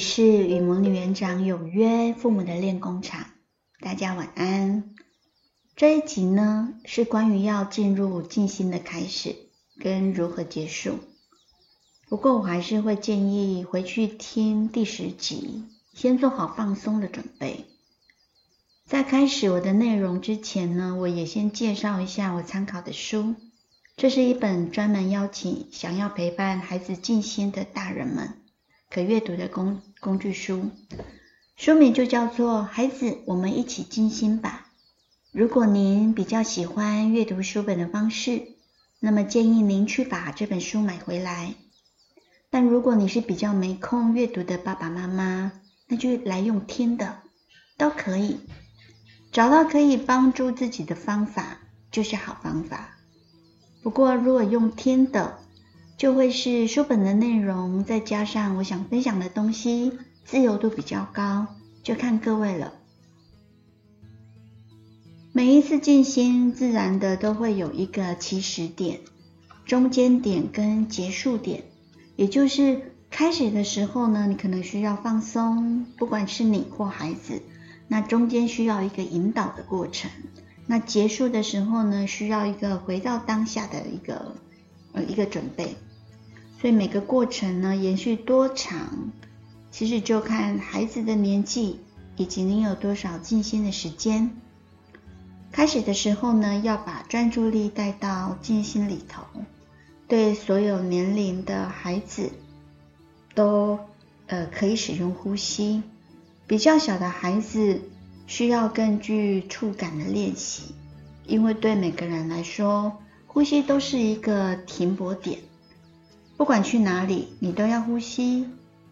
也是與蒙女園長有約父母的練功場，大家晚安。這一集呢，是關於要進入靜心的開始跟如何結束。不過我還是會建議回去聽第十集，先做好放鬆的準備。在開始我的內容之前呢，我也先介紹一下我參考的書。這是一本專門邀請想要陪伴孩子靜心的大人們。可閱讀的工工具書，書名就叫做《孩子，我們一起靜心吧》。如果您比較喜歡閱讀書本的方式，那麼建議您去把這本書買回來。但如果你是比較沒空閱讀的爸爸媽媽，那就來用聽的，都可以。找到可以幫助自己的方法，就是好方法。不過如果用聽的，就會是書本的內容，再加上我想分享的東西，自由度比較高，就看各位了。每一次靜心，自然的都會有一個起始點、中間點跟結束點，也就是開始的時候呢，你可能需要放鬆，不管是你或孩子，那中間需要一個引導的過程，那結束的時候呢，需要一個回到當下的一個呃一個準備。所以每個過程呢，延續多長，其實就看孩子的年紀以及您有多少靜心的時間。開始的時候呢，要把專注力帶到靜心裡頭。對所有年齡的孩子都，都呃可以使用呼吸。比較小的孩子需要更具觸感的練習，因為對每個人來說，呼吸都是一個停泊點。不管去哪裡，你都要呼吸。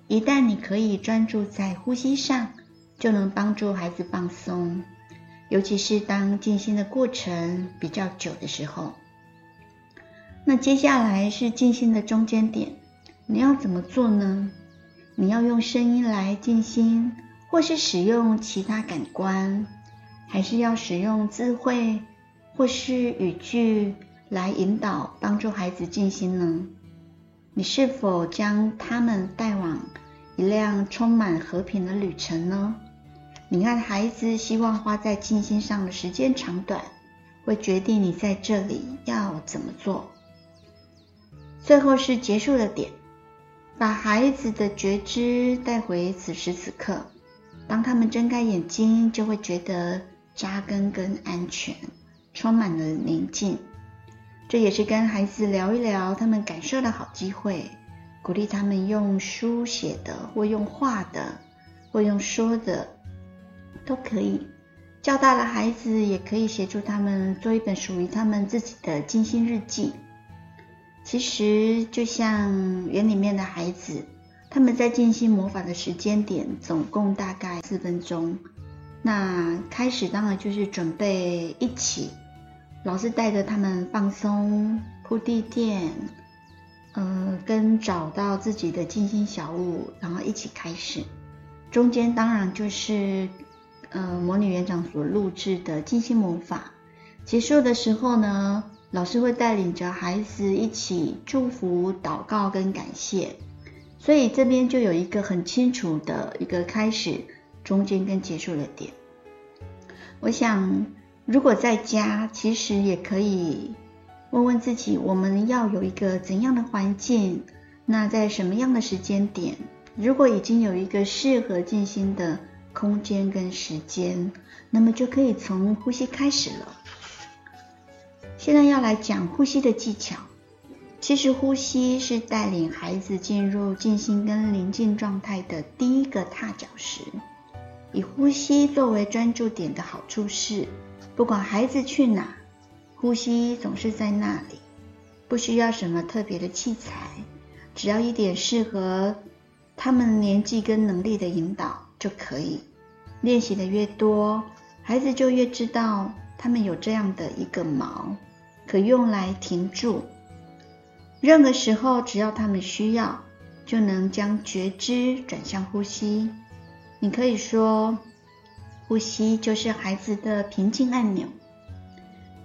一旦你可以專注在呼吸上，就能幫助孩子放鬆，尤其是當靜心的過程比較久的時候。那接下來是靜心的中間點，你要怎麼做呢？你要用聲音來靜心，或是使用其他感官，還是要使用智慧或是語句來引導幫助孩子靜心呢？你是否將他們帶往一輛充滿和平的旅程呢？你看，孩子希望花在靜心上的時間長短，會決定你在這裡要怎麼做。最後是結束的點，把孩子的覺知帶回此時此刻。當他們睜開眼睛，就會覺得扎根跟安全，充滿了寧靜。這也是跟孩子聊一聊他們感受的好機會，鼓勵他們用書寫的、或用畫的、或用說的都可以。較大的孩子也可以協助他們做一本屬於他們自己的靜心日記。其實就像園裡面的孩子，他們在靜心魔法的時間點總共大概四分鐘。那開始當然就是準備一起。老師帶着他們放鬆、鋪地墊，嗯、呃，跟找到自己的靜心小物，然後一起開始。中間當然就是，呃，魔女園長所錄制的靜心魔法。結束的時候呢，老師會帶領着孩子一起祝福、禱告跟感謝。所以這邊就有一個很清楚的一個開始、中間跟結束的點。我想。如果在家，其實也可以問問自己，我們要有一個怎樣的環境？那在什麼樣的時間點？如果已經有一個適合靜心的空間跟時間，那麼就可以從呼吸開始了。現在要來講呼吸的技巧。其實呼吸是帶領孩子進入靜心跟寧靜狀態的第一個踏腳石。以呼吸作為專注點的好處是。不管孩子去哪，呼吸總是在那裡，不需要什麼特別的器材，只要一點適合他們年紀跟能力的引導就可以。練習的越多，孩子就越知道他們有這樣的一個錨，可用來停住。任何時候，只要他們需要，就能將覺知轉向呼吸。你可以說。呼吸就是孩子的平靜按鈕。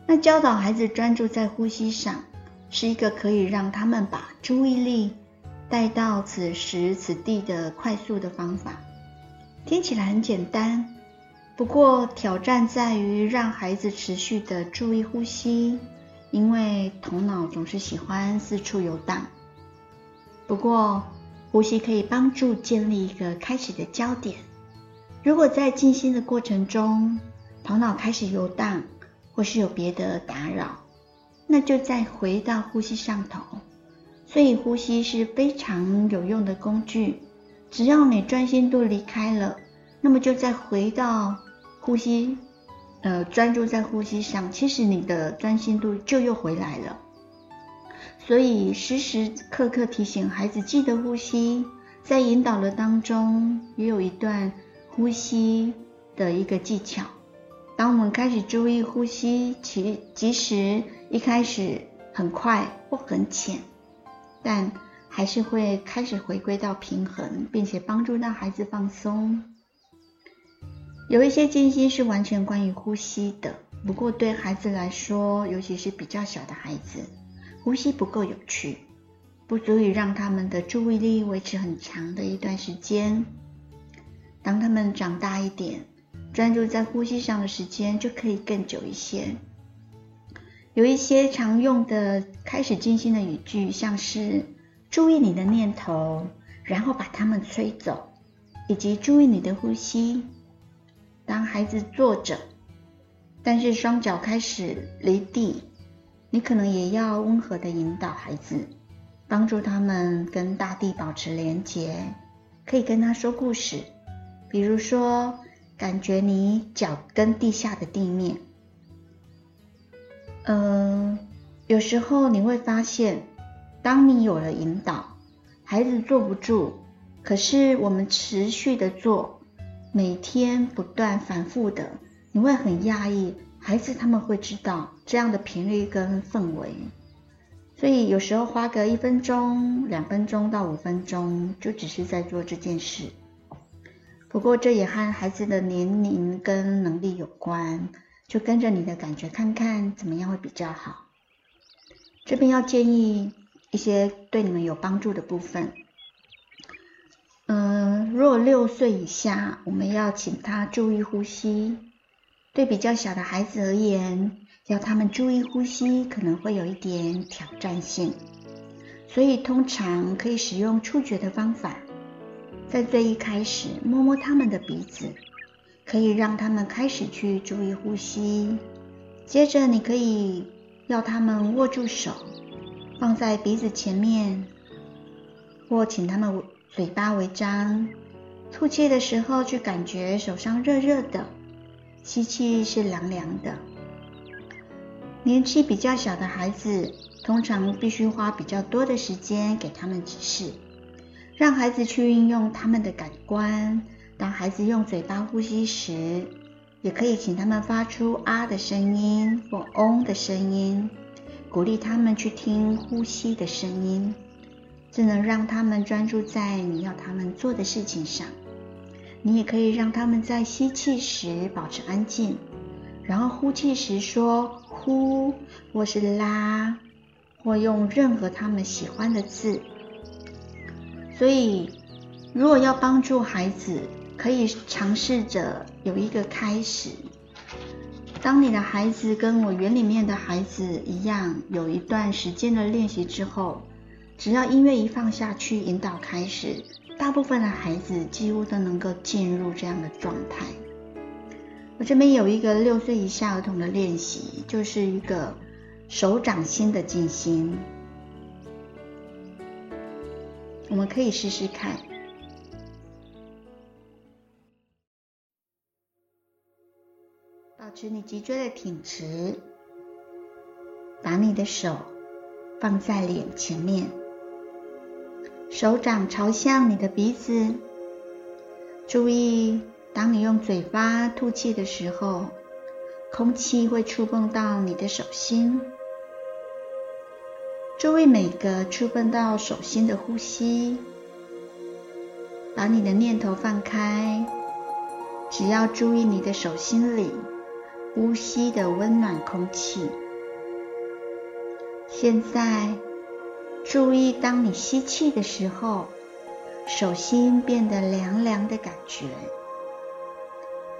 那教導孩子專注在呼吸上，是一個可以讓他們把注意力帶到此時此地的快速的方法。聽起來很簡單，不過挑戰在於讓孩子持續的注意呼吸，因為頭腦總是喜歡四處遊蕩。不過，呼吸可以幫助建立一個開始的焦點。如果在靜心的過程中，頭腦開始遊蕩，或是有別的打擾，那就再回到呼吸上頭。所以呼吸是非常有用的工具。只要你專心度離開了，那麼就再回到呼吸，呃，專注在呼吸上，其實你的專心度就又回來了。所以時時刻刻提醒孩子記得呼吸，在引導的當中也有一段。呼吸的一個技巧。當我們開始注意呼吸，其其實一開始很快或很淺，但還是會開始回歸到平衡，並且幫助到孩子放鬆。有一些練習是完全關於呼吸的，不過對孩子來說，尤其是比較小的孩子，呼吸不夠有趣，不足以讓他們的注意力維持很長的一段時間。當他們長大一點，專注在呼吸上的時間就可以更久一些。有一些常用的開始靜心的語句，像是“注意你的念頭，然後把它們吹走”，以及“注意你的呼吸”。當孩子坐着，但是雙腳開始離地，你可能也要溫和的引導孩子，幫助他們跟大地保持連結，可以跟他說故事。比如說，感覺你腳跟地下的地面，嗯，有時候你會發現，當你有了引導，孩子坐不住，可是我們持續的做，每天不斷反覆的，你會很訝異，孩子他們會知道這樣的頻率跟氛圍，所以有時候花個一分鐘、兩分鐘到五分鐘，就只是在做這件事。不過這也和孩子的年齡跟能力有關，就跟着你的感覺看看怎麼樣會比較好。這邊要建議一些對你們有幫助的部分。嗯，若六歲以下，我們要請他注意呼吸。對比較小的孩子而言，要他們注意呼吸可能會有一點挑戰性，所以通常可以使用觸覺的方法。在最一開始，摸摸他們的鼻子，可以讓他們開始去注意呼吸。接着，你可以要他們握住手，放在鼻子前面，或請他們嘴巴微張，吐氣的時候去感覺手上熱熱的，吸氣，氣是涼涼的。年紀比較小的孩子，通常必須花比較多的時間給他們指示。讓孩子去運用他們的感官。當孩子用嘴巴呼吸時，也可以請他們發出“啊”的聲音或“嗡”的聲音，鼓勵他們去聽呼吸的聲音。這能讓他們專注在你要他們做的事情上。你也可以讓他們在吸氣時保持安靜，然後呼氣時說“呼”或是“拉”，或用任何他們喜歡的字。所以，如果要幫助孩子，可以嘗試着有一個開始。當你的孩子跟我園裡面的孩子一樣，有一段時間的練習之後，只要音樂一放下去，引導開始，大部分的孩子幾乎都能夠進入這樣的狀態。我這邊有一個六歲以下兒童的練習，就是一個手掌心的靜心。我們可以試試看，保持你脊椎的挺直，把你的手放在臉前面，手掌朝向你的鼻子。注意，當你用嘴巴吐氣的時候，空氣會觸碰到你的手心。注意每個觸碰到手心的呼吸，把你的念頭放開。只要注意你的手心裡呼吸的溫暖空氣。現在注意，當你吸氣的時候，手心變得涼涼的感覺；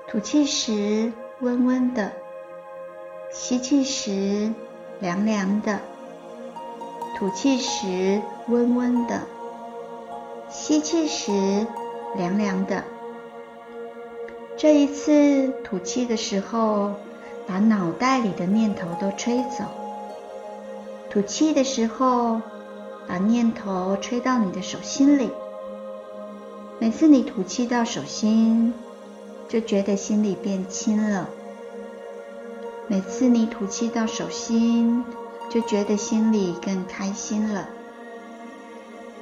吐氣時溫溫的，吸氣時涼涼的。吐氣時溫溫的，吸氣時涼涼的。這一次吐氣的時候，把腦袋裡的念頭都吹走。吐氣的時候，把念頭吹到你的手心裡。每次你吐氣到手心，就覺得心裡變輕了。每次你吐氣到手心。就覺得心裡更開心了。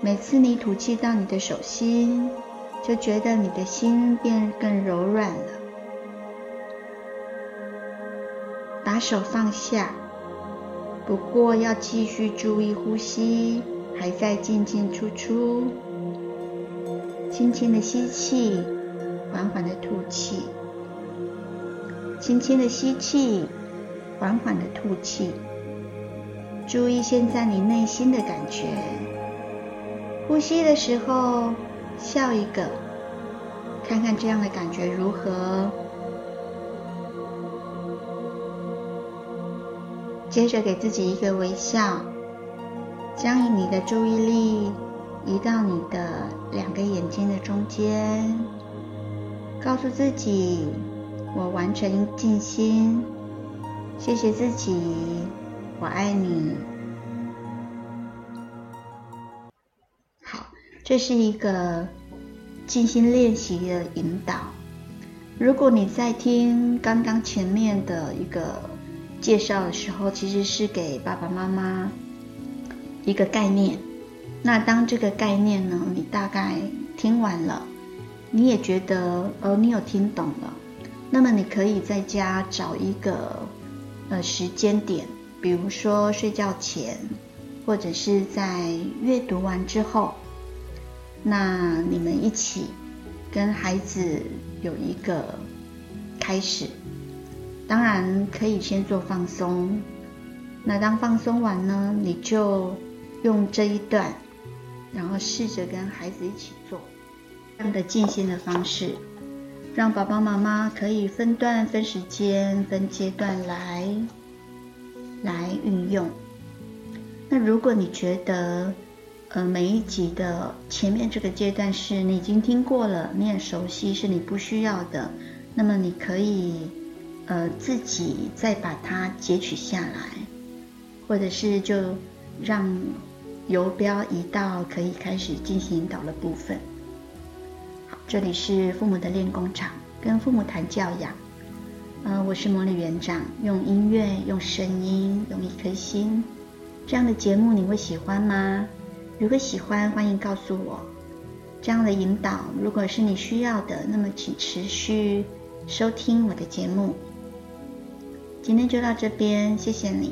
每次你吐氣到你的手心，就覺得你的心變更柔軟了。把手放下，不過要繼續注意呼吸，還在進進出出。輕輕的吸氣，緩緩的吐氣。輕輕的吸氣，緩緩的吐氣。注意現在你內心的感覺，呼吸的時候笑一個，看看這樣的感覺如何。接着給自己一個微笑，將以你的注意力移到你的兩個眼睛的中間，告訴自己：我完成，靜心，謝謝自己。我愛你。好，這是一個靜心練習的引導。如果你在聽剛剛前面的一個介紹的時候，其實是給爸爸媽媽一個概念。那當這個概念呢，你大概聽完了，你也覺得呃你有聽懂了，那麼你可以在家找一個呃時間點。比如說睡覺前，或者是在閱讀完之後，那你們一起跟孩子有一個開始。當然可以先做放鬆。那當放鬆完呢，你就用這一段，然後試着跟孩子一起做這樣的靜心的方式，讓爸爸媽媽可以分段、分時間、分階段來。來運用。那如果你覺得，呃，每一集的前面這個階段是你已經聽過了、你很熟悉，是你不需要的，那麼你可以，呃，自己再把它截取下來，或者是就讓游標移到可以開始進行引導的部分。好，這裡是父母的練功場，跟父母談教養。嗯、呃，我是魔力園長，用音樂、用聲音、用一顆心，這樣的節目你會喜歡嗎？如果喜歡，歡迎告訴我。這樣的引導，如果是你需要的，那麼請持續收聽我的節目。今天就到這邊，謝謝你。